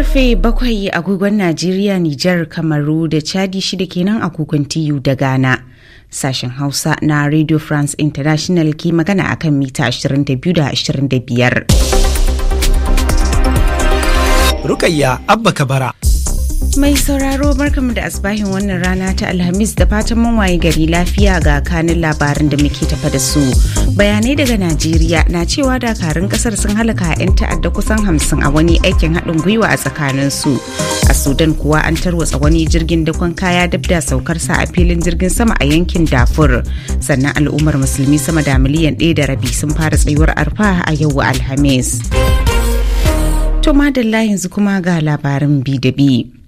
karfe bakwai agogon Najeriya, Nijar, Kamaru da Chadi shida kenan agogon TU da Ghana. Sashen Hausa na Radio France International ke magana akan mita 22 da 25. Rukayya Abba Kabara. Mai sauraro barkamu da asbahin wannan rana ta Alhamis da fatan mun waye gari lafiya ga kanin labarin da muke tafa da su. Bayanai daga Najeriya na cewa dakarun kasar sun halaka 'yan ta'adda kusan hamsin a wani aikin haɗin gwiwa a tsakanin su. A Sudan kuwa an tarwatsa wani jirgin dakon kaya dab da saukar sa a filin jirgin sama a yankin Dafur. Sannan al'ummar musulmi sama da miliyan ɗaya da rabi sun fara tsayuwar arfa a yau Alhamis. To madalla yanzu kuma ga labarin bi da bi.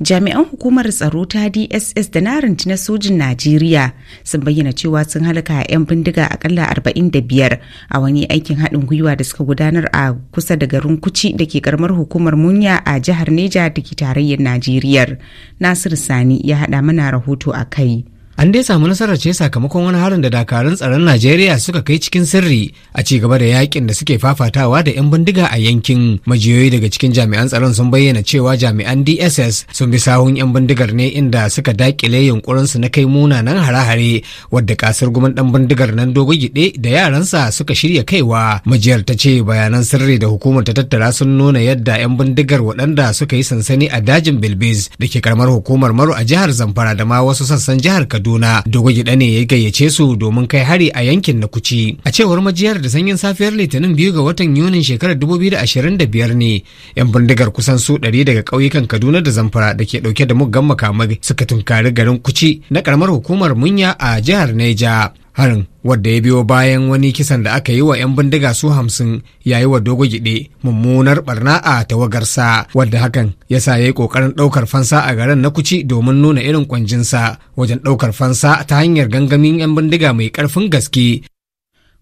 jami'an hukumar tsaro ta dss da na na sojin najeriya sun bayyana cewa sun halaka 'yan bindiga akalla 45 a wani aikin haɗin gwiwa da suka gudanar a kusa da garin kuci da ke karamar hukumar munya a jihar neja da ke tarayyar najeriya nasir sani ya haɗa mana rahoto a kai an dai samu nasarar ce sakamakon wani harin da dakarun tsaron najeriya suka kai cikin sirri a ci gaba da yakin da suke fafatawa da 'yan bindiga a yankin majiyoyi daga cikin jami'an tsaron sun bayyana cewa jami'an dss sun bi sahun 'yan bindigar ne inda suka dakile yunkurin na kai munanan hare-hare wadda kasar guman dan bindigar nan dogo gide da yaransa suka shirya kaiwa majiyar ta ce bayanan sirri da hukumar ta tattara sun nuna yadda 'yan bindigar waɗanda suka yi sansani a dajin bilbis da ke karamar hukumar maro a jihar zamfara da ma wasu sassan jihar kaduna Kaduna. Dogo gida ne ya gayyace su domin kai hari a yankin na Kuci. A cewar majiyar da sanyin safiyar Litinin biyu ga watan Yunin shekarar dubu da ashirin biyar ne yan bindigar kusan su 100 daga ƙauyukan Kaduna da Zamfara da ke ɗauke da muggan makamai suka tunkari garin Kuci na ƙaramar hukumar Munya a jihar Neja. harin wadda ya biyo bayan wani kisan da aka yi wa 'yan bindiga su hamsin yayi wa dogo gide mummunar barna a tawagarsa wadda hakan ya sa ya yi kokarin daukar fansa a garin na kuci domin nuna irin kwanjinsa wajen daukar fansa ta hanyar gangamin 'yan bindiga mai karfin gaske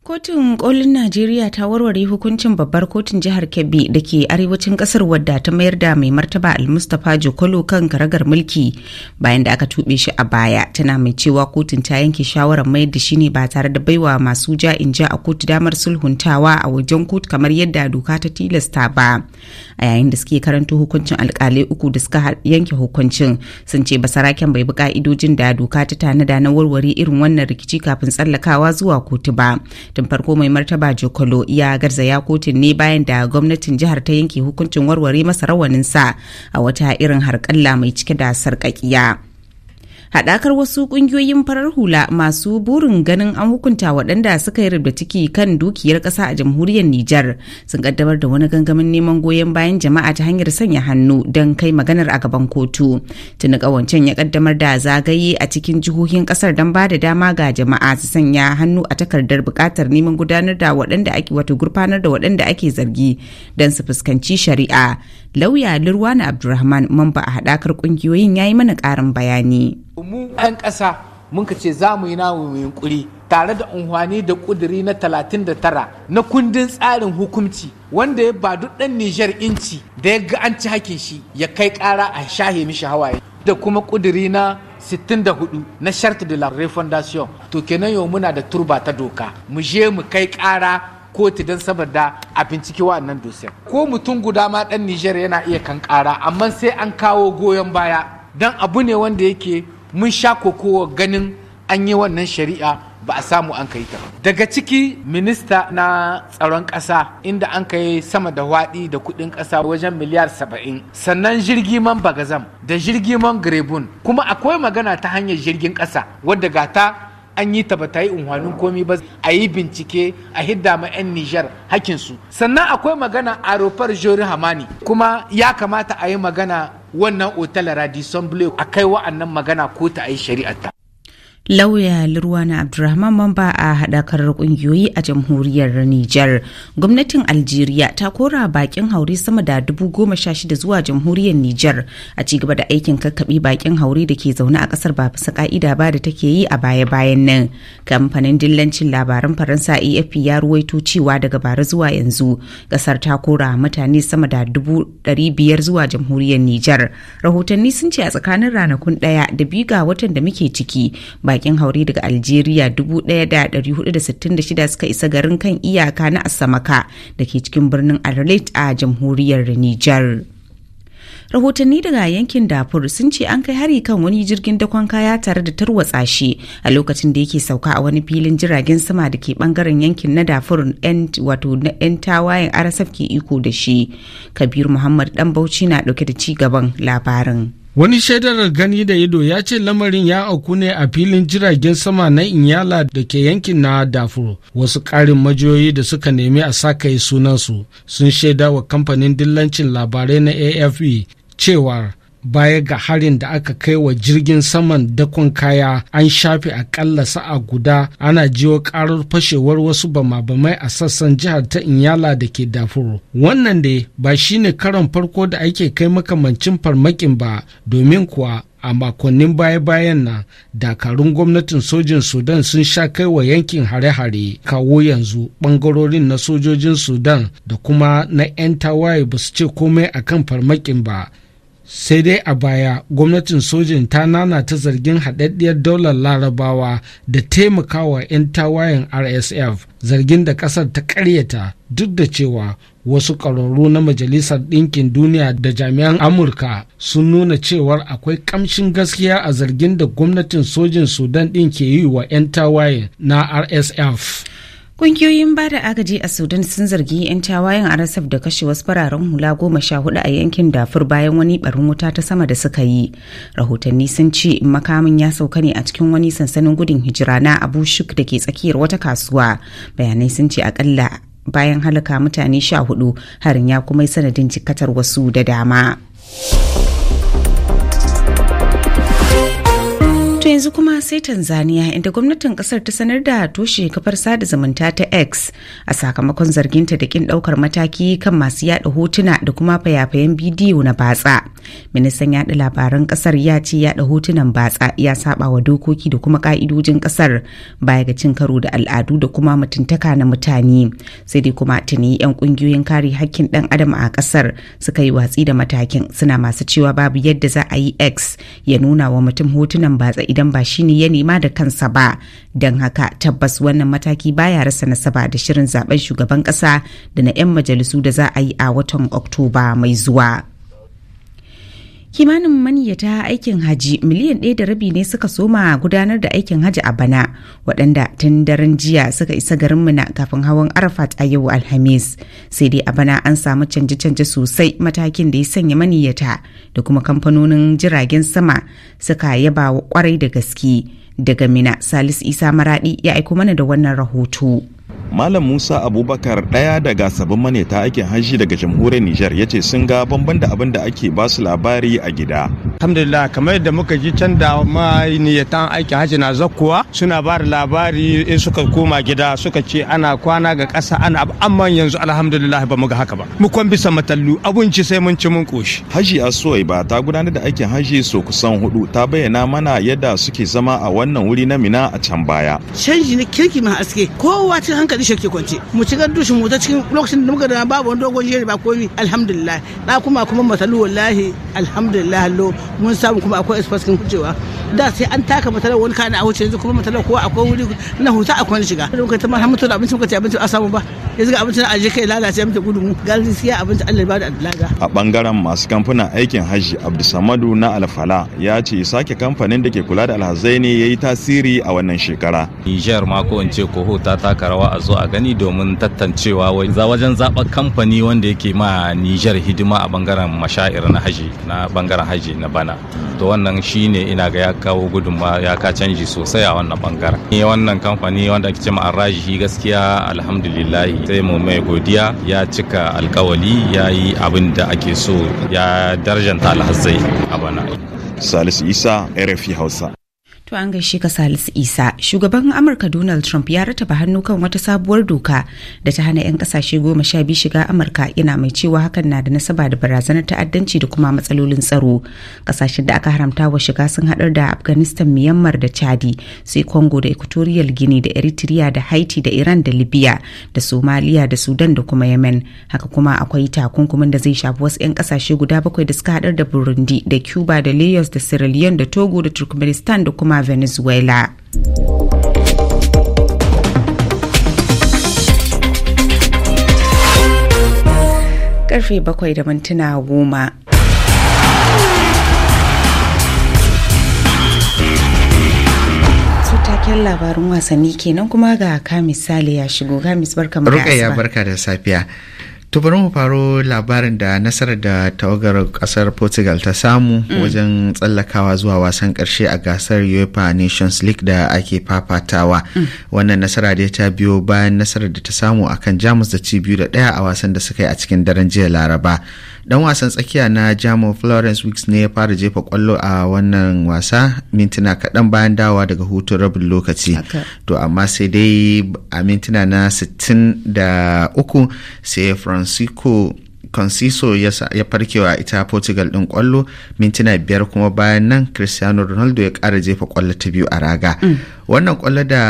Kotun kolin Najeriya ta warware hukuncin babbar kotun jihar Kebbi da ke arewacin kasar wadda ta mayar da mai martaba Almustapha Jokolo kan karagar mulki bayan da aka tuɓe shi a baya tana mai cewa kotun ta yanke shawarar mayar da shi ne ba tare da baiwa masu ja in ja a kotu damar sulhuntawa a wajen kotu kamar yadda doka ta tilasta ba. A yayin da suke karanto hukuncin alkalai uku da suka yanke hukuncin sun ce ba basaraken bai bi ka'idojin da doka ta tanada na warware irin wannan rikici kafin tsallakawa zuwa kotu ba. tun farko mai martaba jokolo ya garzaya kotun ne bayan da gwamnatin jihar ta yanke hukuncin warware masa rawaninsa a wata irin harƙalla mai cike da sarƙaƙiya haɗakar wasu ƙungiyoyin farar hula masu burin ganin an hukunta waɗanda suka yi rubda ciki kan dukiyar ƙasa a jamhuriyar Nijar sun kaddamar da wani gangamin neman goyon bayan jama'a ta hanyar sanya hannu don kai maganar a gaban kotu. Tuni kawancen ya kaddamar da zagaye a cikin jihohin ƙasar don ba da dama ga jama'a su sanya hannu a takardar buƙatar neman gudanar da waɗanda ake wato gurfanar da waɗanda ake zargi don su fuskanci shari'a. Lauya na Abdulrahman mamba a haɗakar ƙungiyoyin ya yi mana ƙarin bayani. mu 'yan ƙasa mun ka ce za mu yi namu yunkuri tare da unhwani da ƙuduri na talatin da tara na kundin tsarin hukumci wanda ya ba duk ɗan Nijar inci da ya ga an ci hakin shi ya kai ƙara a shahe mishi hawaye da kuma ƙuduri na 64 na shart de la refondation to kenan yau muna da turba ta doka mu je mu kai ƙara kotu don saboda a binciki wa'annan dosiyar ko mutum guda ma ɗan Nijar yana iya kankara amma sai an kawo goyon baya don abu ne wanda yake mun sha kokowa ganin an yi wannan shari'a ba a samu an kai ta daga ciki minista na tsaron ƙasa inda an kai sama da waɗi da kuɗin ƙasa wajen miliyar saba'in sannan jirgiman bagazam da jirgiman grebun kuma akwai magana ta hanyar jirgin ƙasa wadda gata an yi ta bata yi unhwanin komi ba a yi bincike a hidda ma 'yan Nijar hakinsu sannan akwai magana a rofar Jori Hamani kuma ya kamata a yi magana wannan otal radisson bleu a kai wa'annan magana ko ta ai ta. lauya na Abdulrahman Mamba a haɗakar ƙungiyoyi a jamhuriyar Nijar. Gwamnatin Algeria ta kora bakin haure sama da dubu goma sha shida zuwa jamhuriyar Nijar a cigaba da aikin kakkaɓi bakin haure da ke zaune a ƙasar ba bisa ƙa'ida ba da take yi a baya-bayan nan. Kamfanin dillancin labaran Faransa AFP ya ruwaito cewa daga bara zuwa yanzu ƙasar ta kora mutane sama da dubu ɗari biyar zuwa jamhuriyar Nijar. Rahotanni sun ce a tsakanin ranakun ɗaya da biyu ga watan da muke ciki bakin haure daga Algeria 1466 suka isa garin kan iyaka na Asamaka da ke cikin birnin Arlit a jamhuriyar Nijar. rahotanni daga yankin dafur sun ce an kai hari kan wani jirgin dakon kaya tare da tarwatsa shi a lokacin da yake sauka a wani filin jiragen sama da ke bangaren yankin na dafur wato na yan tawayen arasaf ke iko da shi kabiru muhammad dan bauchi na dauke da ci gaban labarin Wani shaidarar gani da ido ya ce lamarin ya auku ne a filin jiragen sama na Inyala da ke yankin na Dafuro. Wasu ƙarin majiyoyi da suka nemi a sakaye sunansu sun shaida wa kamfanin dillancin labarai na AFP e cewar baya ga harin da aka kai wa jirgin saman dakon kaya an shafe akalla sa'a guda ana jiwo karar fashewar wasu bama-bamai a sassan jihar ta inyala da ke dafuro wannan dai ba shine karan farko da ake kai makamancin farmakin ba domin kuwa a makonnin baya-bayan nan dakarun gwamnatin sojin sudan sun sha kai wa yankin hare-hare kawo yanzu bangarorin na sojojin sudan da kuma na 'yan tawaye ba su ce komai akan farmakin ba sai dai a baya gwamnatin sojin ta nana ta zargin haɗaɗɗiyar daular larabawa da taimakawa 'yan tawayen rsf zargin da ƙasar ta ƙaryata duk da cewa wasu ƙwararru na majalisar ɗinkin duniya da jami'an amurka sun nuna cewar akwai ƙamshin gaskiya a zargin da gwamnatin sojin sudan ɗin ke yi wa 'yan tawayen na rsf Kungiyoyin ba da agaji a Sudan sun zargi 'yan tawayen Arasaf da kashe wasu fararen hula goma sha hudu a yankin Dafur bayan wani barin wuta ta sama da suka yi. Rahotanni sun ce makamin ya sauka ne a cikin wani sansanin gudun hijira na Abu Shuk da ke tsakiyar wata kasuwa. Bayanai sun ce akalla bayan halaka mutane sha hudu harin ya kuma yi sanadin jikatar wasu da dama. yanzu kuma sai Tanzania inda gwamnatin kasar ta sanar da toshe kafar sada zumunta ta X a sakamakon zarginta da kin daukar mataki kan masu yada hotuna da kuma fayafayen bidiyo na batsa. Ministan yada labaran kasar ya ce yada hotunan batsa ya saba wa dokoki da kuma ka'idojin kasar baya ga cin karo da al'adu da kuma mutuntaka na mutane. Sai dai kuma tuni yan kungiyoyin kare hakkin dan adam a kasar suka yi watsi da matakin suna masu cewa babu yadda za a yi X ya nuna wa mutum hotunan batsa idan idan ba shine ya nema da kansa ba don haka tabbas wannan mataki baya rasa nasaba da shirin zaben shugaban kasa da na 'yan majalisu da za a yi a watan oktoba mai zuwa kimanin maniyata aikin haji miliyan ɗaya da rabi ne suka soma gudanar da aikin haji a bana waɗanda tun daren jiya suka isa garin muna kafin hawan arafat a yau alhamis sai dai a bana an samu canje-canje sosai matakin da ya sanya maniyata da kuma kamfanonin jiragen sama suka yaba wa kwarai da gaske daga mina salis isa maradi ya aiko mana da wannan rahoto malam musa abubakar ɗaya daga sabbin maneta aikin hajji daga jamhuriyar nijar ya ce sun ga bamban da abin da ake ba su labari a gida alhamdulillah kamar yadda muka ji can da ma ma'aikatan aikin hajji na zakkuwa suna ba da labari in suka koma gida suka ce ana kwana ga ƙasa ana amma yanzu alhamdulillah ba mu ga haka ba mu kwan bisa matallu abun ci sai mun ci mun koshi hajji asuwai ba ta gudanar da aikin hajji so kusan hudu ta bayyana mana yadda suke zama a wannan wuri na mina a can baya canji na kirki ma aske kowa cin hankali da dishe ke kwance mu ci gan dushin mu ta cikin lokacin da muka da babu wani dogon jeri ba komi alhamdulillah da kuma kuma masalu wallahi alhamdulillah allo mun samu kuma akwai express kin hucewa da sai an taka matalar wani kana a huce yanzu kuma matalar kowa akwai wuri na huta akwai shiga da muka ta marhamatu da abinci muka ci abinci a samu ba yanzu ga abincin aje kai lalace muke gudu mu gaskiya abinci Allah ya bada laga a bangaren masu kamfanin aikin hajji Abdulsamadu na Alfala ya ce sake kamfanin da ke kula da alhazai ne yayi tasiri a wannan shekara Niger ma ko in ce ko ta taka rawa a zo a gani domin tantancewa wajen zaɓar kamfani wanda yake ma Nijar hidima a bangaren mashair na haji na bangaren haji na bana. To wannan shine ina ga ya kawo gudunma ya ka canji sosai a wannan bangaren. Ni wannan kamfani wanda ake ma Arrajihi gaskiya alhamdulillah sai mu mai godiya ya cika alkawali ya yi abin da ake so ya darjanta alhazai a bana. Salisu Isa RFI Hausa. To an gaishe ka Salisu Isa, shugaban Amurka Donald Trump ya rataba hannu kan wata sabuwar doka da ta hana 'yan kasashe goma sha biyu shiga Amurka yana mai cewa hakan na da nasaba da barazanar ta'addanci da kuma matsalolin tsaro. Kasashen da aka haramta wa shiga sun haɗar da Afghanistan, Myanmar da Chadi, sai Congo da Equatorial Guinea da Eritrea da Haiti da Iran da Libya da Somalia da Sudan da kuma Yemen. Haka kuma akwai takunkumin da zai shafi wasu 'yan kasashe guda bakwai da suka haɗar da Burundi da Cuba da Laos da Sierra Leone da Togo da Turkmenistan da kuma koma venezuela karfe bakwai da mintuna goma taken labarin wasanni kenan kuma ga kamis sale ya shigo kamis barka mu da asuba barka da safiya to bari mu faro labarin da nasarar da tawagar kasar portugal ta samu mm. wajen tsallakawa zuwa wasan karshe a gasar uefa nations league da ake fafatawa mm. wannan nasara dai ta biyo bayan nasarar da ta samu akan jamus da ci biyu da daya a wasan da suka yi a cikin daren jiya laraba dan wasan tsakiya na Jamo florence weeks ne ya fara jefa kwallo a wannan wasa mintuna kaɗan bayan dawa daga hutun rabin lokaci to amma sai dai a mintuna na 63 sai francisco Conciso ya farkewa ita Portugal ɗin kwallo mintuna biyar kuma bayan nan Cristiano Ronaldo ya ƙara jefa kwallo ta biyu a raga. Mm. Wannan kwallo da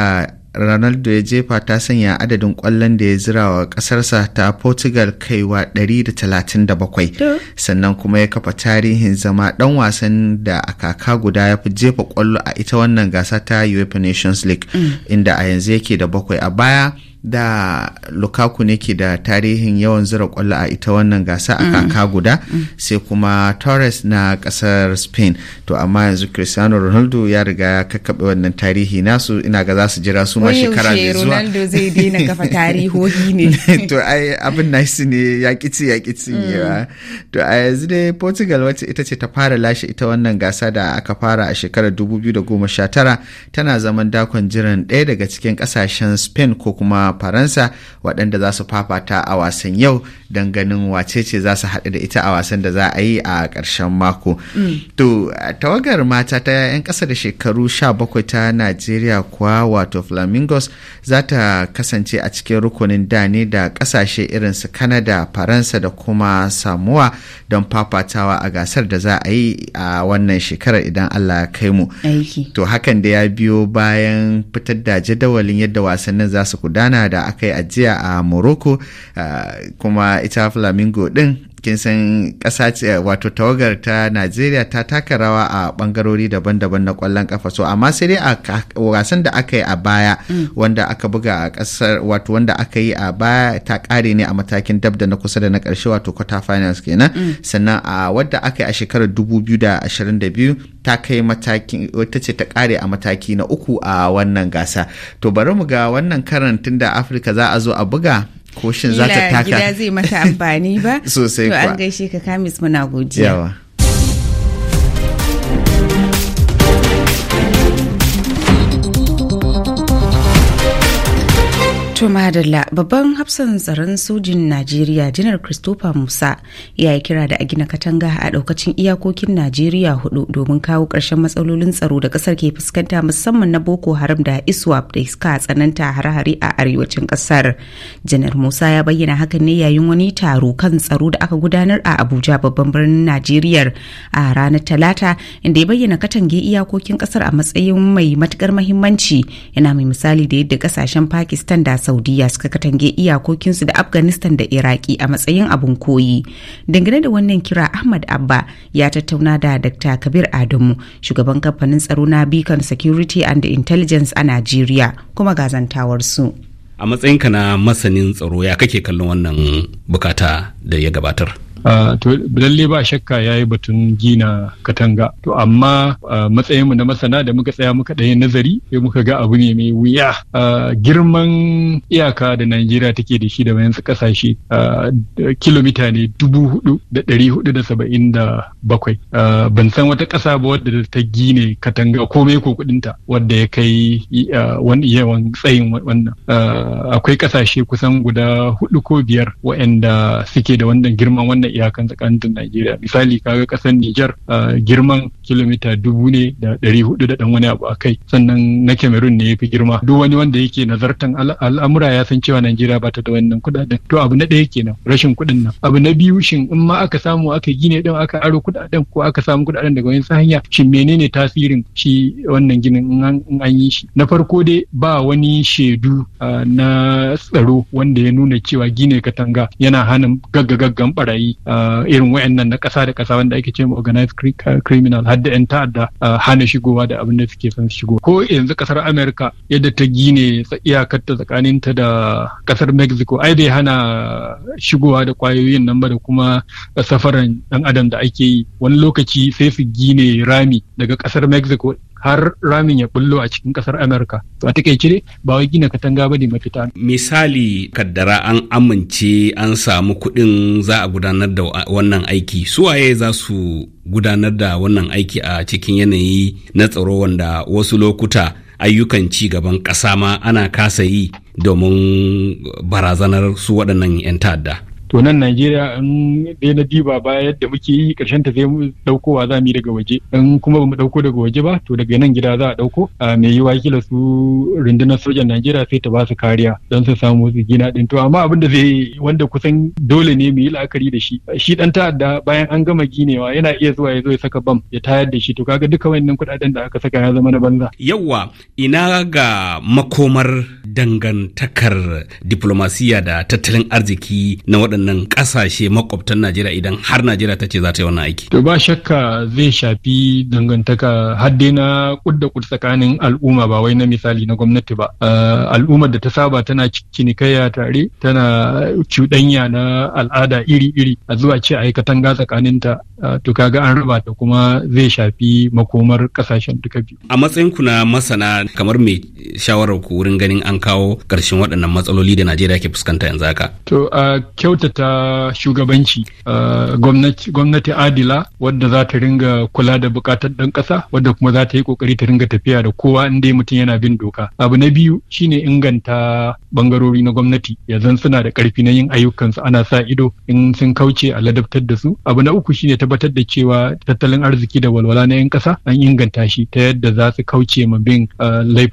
Ronaldo ya jefa ta sanya adadin kwallon da ya zira wa ƙasarsa ta Portugal kaiwa 137 sannan kuma ya kafa tarihin zama ɗan wasan da a kaka guda ya fi jefa kwallo a ita wannan gasa ta UEFA Nations League mm. inda a yanzu yake da bakwai a baya da lukaku ne ke da tarihin yawan zira kwallo a ita wannan gasa a mm. kaka guda mm. sai kuma torres na kasar spain to amma yanzu cristiano ronaldo ya riga ya kakkaɓe wannan tarihi nasu ina ga za su jira su ma shekara mai zuwa ronaldo zai daina kafa tarihohi ne to ai abin nice ne ya kici ya kici mm. to a yanzu dai portugal wacce ita ce ta fara lashe ita wannan gasa da aka fara a shekarar tara tana zaman dakon jiran ɗaya daga cikin ƙasashen spain ko kuma faransa waɗanda za su fafata a wasan yau don ganin wacece za su haɗu da ita a wasan da za a yi a ƙarshen mako mm. to tawagar mata ta 'yan ƙasa da shekaru bakwai ta najeriya kuwa wato flamingos za ta kasance a cikin rukunin ne da ƙasashe irin su kanada faransa da kuma samuwa don fafatawa a gasar da za a yi a wannan shekarar idan allah ya kai mu to hakan da ya biyo bayan fitar da jadawalin yadda wasannin za su gudana da aka yi ajiya a morocco eh, kuma ita flamingo din cikin san ƙasa wato tawagar ta Najeriya ta taka rawa a bangarori daban-daban na ƙwallon kafa so amma sai dai a wasan da aka yi a baya mm. wanda aka buga a ƙasar wato wanda aka yi a baya ta ƙare ne a matakin dab da na kusa da na ƙarshe wato quarter finals kenan mm. sannan a wadda aka yi a shekarar 2022 ta kai matakin wata ce ta ƙare a mataki na uku a wannan gasa to bari mu ga wannan karantin da Afirka za a zo a buga ko shin za ta taka gida zai mata amfani ba sosai to an gaishe ka kamis muna godiya To Madalla babban hafsan tsaron sojin Najeriya janar Christopher Musa ya yi kira da a gina katanga a daukacin iyakokin Najeriya hudu domin kawo ƙarshen matsalolin tsaro da ƙasar ke fuskanta musamman na Boko Haram da ISWAP da iska tsananta hare-hare a arewacin ƙasar. Janar Musa ya bayyana hakan ne yayin wani taro kan tsaro da aka gudanar a Abuja babban birnin Najeriya a ranar Talata inda ya bayyana katange iyakokin ƙasar a matsayin mai matukar mahimmanci yana mai misali da yadda ƙasashen Pakistan da saudiya suka katange iyakokinsu da afghanistan da iraki a matsayin abin koyi dangane da wannan kira ahmad abba ya tattauna da dr kabir adamu shugaban kamfanin tsaro na beacon security and intelligence a najeriya kuma gazantawarsu a matsayinka na masanin tsaro ya kake kallon wannan bukata da ya gabatar Ah, to lalle ba shakka yi batun gina katanga to amma ah, matsayinmu na masana da muka tsaya muka ɗaya nazari sai muka ga abu ne mai wuya ah, girman iyaka da Najeriya take da shi da wayansu kasashe kilomita ne dubu hudu da ɗari hudu da saba'in da bakwai ban san wata ƙasa ba wadda ta gine katanga komai ko kuɗinta wadda ya kai wani yawan tsayin wannan akwai ƙasashe kusan guda hudu ko biyar waɗanda suke da wannan girman wannan iyakan ta kantin Najeriya misali kaga kasar Niger uh, girman kilomita dubu ne da ɗari hudu da ɗan wani abu a kai sannan na Cameroon ne ya fi girma duk wani wanda yake nazartan al'amura ya san cewa Najeriya ba ta da wannan kuɗaɗen to abu na ɗaya kenan rashin kuɗin nan abu na biyu shin in ma aka samu aka gine ɗin aka aro kuɗaɗen ko aka samu kuɗaɗen daga wani hanya shin menene tasirin shi wannan ginin in an yi shi na farko dai ba wani shaidu na tsaro wanda ya nuna cewa gine katanga yana hana gagga gaggan barayi irin wayannan na ƙasa da ƙasa wanda ake cewa organized criminal ta'adda yan ta'adda hana shigowa da abin da suke son shigo ko yanzu kasar Amurka yadda ta gine iyakar ta tsakanin ta da kasar mexico ai bai hana shigowa da kwayoyin nan ba da kuma safaran dan adam da ake yi wani lokaci sai su gine rami daga kasar mexico har ramin ya bullo a cikin kasar amurka to a takaice dai ba wai gina katanga ba ne mafita misali kaddara an amince an samu kuɗin za a gudanar da wannan aiki suwaye za su gudanar da wannan aiki a cikin yanayi na tsaro wanda wasu lokuta ayyukan ci gaban ƙasa ma ana kasa yi domin barazanar su waɗannan 'yan ta'adda to nan Najeriya in dai na diba ba yadda muke yi karshen ta sai mu daukowa za mu yi daga waje in kuma ba mu dauko daga waje ba to daga nan gida za a dauko a ah, mai yiwa kila su rundunar sojan Najeriya sai ta ba su kariya don su samu su gina din to amma abin da zai wanda kusan dole ne mu yi la'akari da shi shi dan ta'adda bayan an gama ginewa yana iya zuwa ya zo ya saka bam ya tayar da shi to kaga duka wannan kudaden da aka saka ya zama na banza yawa ina ga makomar dangantakar diplomasiya da tattalin arziki na waɗanda waɗannan ƙasashe makwabtan Najeriya idan har Najeriya ta ce za ta yi wannan aiki? To ba shakka zai shafi dangantaka hadde na kudda kud tsakanin al'umma ba wai na misali na gwamnati ba. Al'ummar da ta saba tana cinikayya tare tana cuɗanya na al'ada iri-iri a zuwa ce a yi katanga tsakaninta to kaga an raba ta kuma zai shafi makomar ƙasashen duka biyu. A matsayin ku na masana kamar mai shawarar ku wurin ganin an kawo ƙarshen waɗannan matsaloli da Najeriya ke fuskanta yanzu haka. To a kyauta ta shugabanci uh, gwamnati adila wadda za ta ringa kula da bukatar dan kasa wadda kuma za ta yi ƙoƙari ta ringa tafiya da kowa inda mutum yana bin doka abu na biyu shine inganta bangarori na gwamnati yanzu suna da karfi na yin ayyukansu ana sa ido in sun kauce a ladabtar da su abu na uku shine tabbatar da cewa tattalin arziki da walwala na 'yan ƙasa an inganta shi ta yadda za su kauce ma bin uh,